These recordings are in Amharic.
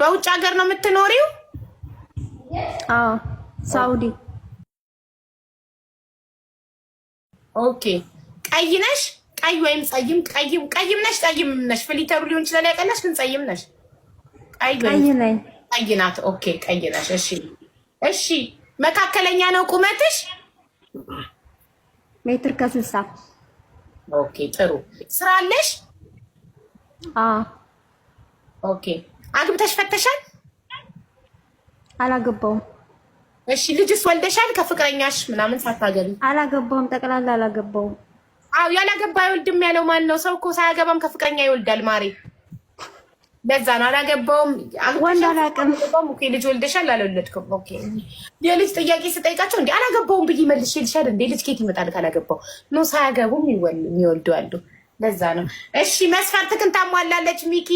በውጭ ሀገር ነው የምትኖሪው? አዎ ሳውዲ። ኦኬ ቀይ ነሽ? ቀይ ወይም ጸይም? ቀይም ቀይም ነሽ ጸይም ነሽ? ፍሊተሩ ሊሆን ይችላል ያቀላሽ፣ ግን ጸይም ነሽ? ቀይ ነኝ። ቀይ ናት። ኦኬ ቀይ ነሽ። እሺ እሺ። መካከለኛ ነው ቁመትሽ? ሜትር ከስልሳ ኦኬ ጥሩ። ስራ አለሽ? አዎ ኦኬ አግብተሽ ፈተሻል? አላገባውም። እሺ ልጅስ ወልደሻል? ከፍቅረኛሽ ምናምን ሳታገቢ? አላገባውም። ጠቅላላ አላገባውም። አዎ ያላገባ አይወልድም ያለው ማን ነው? ሰው እኮ ሳያገባም ከፍቅረኛ ይወልዳል ማሬ። በዛ ነው አላገባውም። ወንድ አላውቅም። ኦኬ ልጅ ወልደሻል? አልወለድኩም። ኦኬ የልጅ ጥያቄ ስጠይቃቸው እንዴ አላገባውም ብዬ መልሽ መልሼልሻል እንዴ ልጅ ኬት ይመጣል ካላገባው ነው። ሳያገቡም ይወልዱ አሉ። ለዛ ነው። እሺ መስፈርትክን ታሟላለች ሚኪ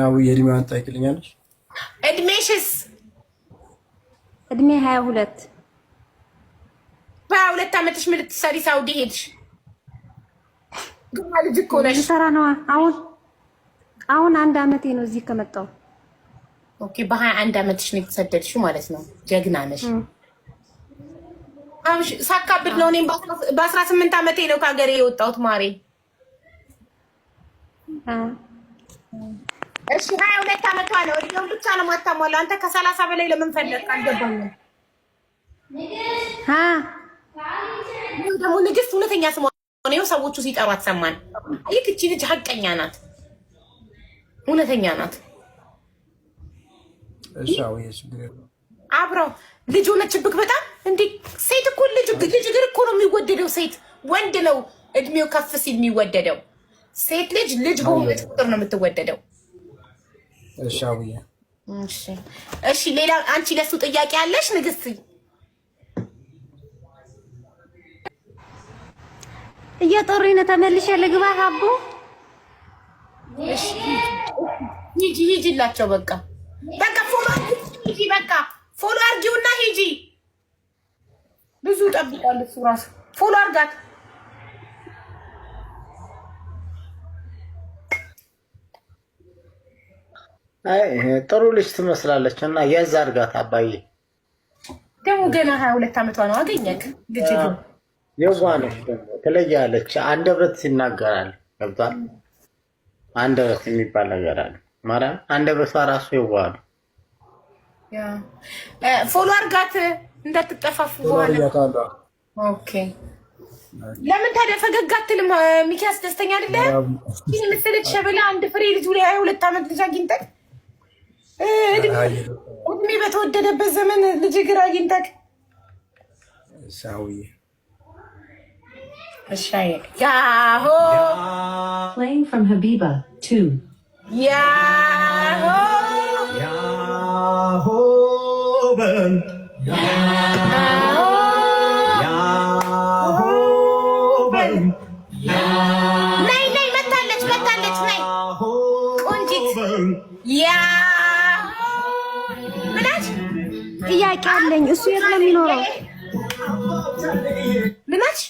ያው የእድሜዋን ታይክልኛለሽ። እድሜሽስ? እድሜ ሀያ ሁለት በሀያ ሁለት አመትሽ ምን ልትሰሪ ሳውዲ ሄድሽ? ግማ ልጅ እኮ ነሽ። ሰራ ነዋ። አሁን አሁን አንድ አመቴ ነው እዚህ ከመጣው። ኦኬ በሀያ አንድ አመትሽ ነው የተሰደድሽ ማለት ነው። ጀግና ነሽ። ሳካብድ ነው። እኔም በአስራ ስምንት አመቴ ነው ከሀገሬ የወጣሁት ማሬ እሺ ሀያ ሁለት ዓመቷ ነው። እድሜውን ብቻ ነው የማታሟላ። አንተ ከሰላሳ በላይ ለምን ፈለግ አልገባኝም። ደግሞ ንግስት እውነተኛ ስሟ ሆነው ሰዎቹ ሲጠሩ አትሰማን። ይህ እቺ ልጅ ሀቀኛ ናት፣ እውነተኛ ናት። አብረው ልጅ ሆነችብክ በጣም እንዴ! ሴት እኮ ልጅ እግር እኮ ነው የሚወደደው። ሴት ወንድ ነው እድሜው ከፍ ሲል የሚወደደው። ሴት ልጅ ልጅ በሆነች ቁጥር ነው የምትወደደው። እሺ፣ ሌላ አንቺ ለሱ ጥያቄ አለሽ ንግስት? እየጠሩኝ ነው። ተመልሼ ልግባ። ሀቦ ሂጂ፣ ሂጂላቸው። በቃ በቃ ፎሎ ሂጂ፣ በቃ ፎሎ አርጊውና ሂጂ። ብዙ ጠብቃለች እሱ ራሱ ፎሎ አርጋት። ጥሩ ልጅ ትመስላለች እና የዛ እርጋታ አባዬ ደግሞ ገና ሀያ ሁለት ዓመቷ ነው። አገኘክ ልጅ ነች ደግሞ ትለያለች። አንደበት ይናገራል ገብቷል። አንደበት የሚባል ነገር አለ ማርያም። አንደበቷ ራሱ የዋ ነው። ፎሎ አርጋት እንዳትጠፋፉ። ኦኬ ለምን ታዲያ ፈገግ አትልም? ሚኪያስ ደስተኛ አይደለም? ይህ ምስል ሸበላ አንድ ፍሬ ልጅ ሀያ ሁለት ዓመት ልጅ አግኝተን እድሜ በተወደደበት ዘመን ልጅ ግር አግኝተህ ሳውዬ እሻዬ ያሆ playing from Habiba two ያሆ ያሆ ያሆ ጥያቄ አለኝ። እሱ የት ነው የሚኖረው? ልመች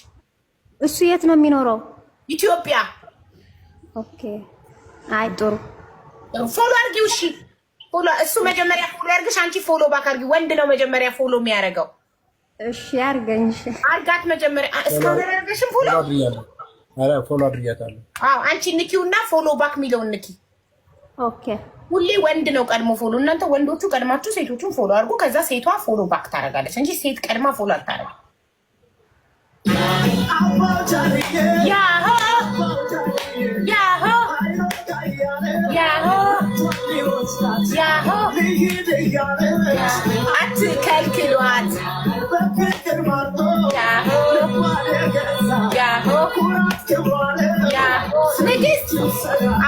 እሱ የት ነው የሚኖረው? ኢትዮጵያ። ኦኬ። አይ ጥሩ ፎሎ አርጊው። እሺ ፎሎ እሱ መጀመሪያ ፎሎ ያርግሽ፣ አንቺ ፎሎ ባክ አርጊ። ወንድ ነው መጀመሪያ ፎሎ የሚያደርገው። እሺ አድርገኝ። እሺ አድርጋት መጀመሪያ። እስካሁን አላደረገሽም ፎሎ? ኧረ ፎሎ አድርጊያታለሁ። አዎ አንቺ ንኪውና ፎሎ ባክ የሚለውን ንኪ። ኦኬ ሁሌ ወንድ ነው ቀድሞ ፎሎ። እናንተ ወንዶቹ ቀድማችሁ ሴቶቹን ፎሎ አድርጉ ከዛ ሴቷ ፎሎ ባክ ታደርጋለች እንጂ ሴት ቀድማ ፎሎ ያሆ ያሆ ያሆ ያሆ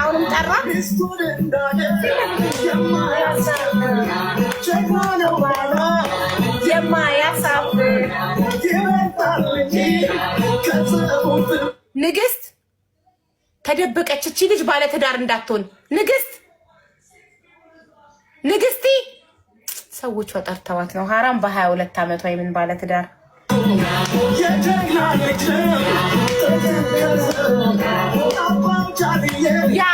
አሁንም ጠራ። ንግስት ተደበቀች። እቺ ልጅ ባለትዳር እንዳትሆን ንግስት ንግስቲ ሰዎቿ ጠርተዋት ነው። ሀራም በሀያ ሁለት ዓመቷ የምን ባለትዳር Johnny, yeah. yeah.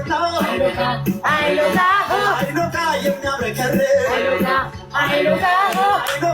አይሎታ የሚያብረከርክ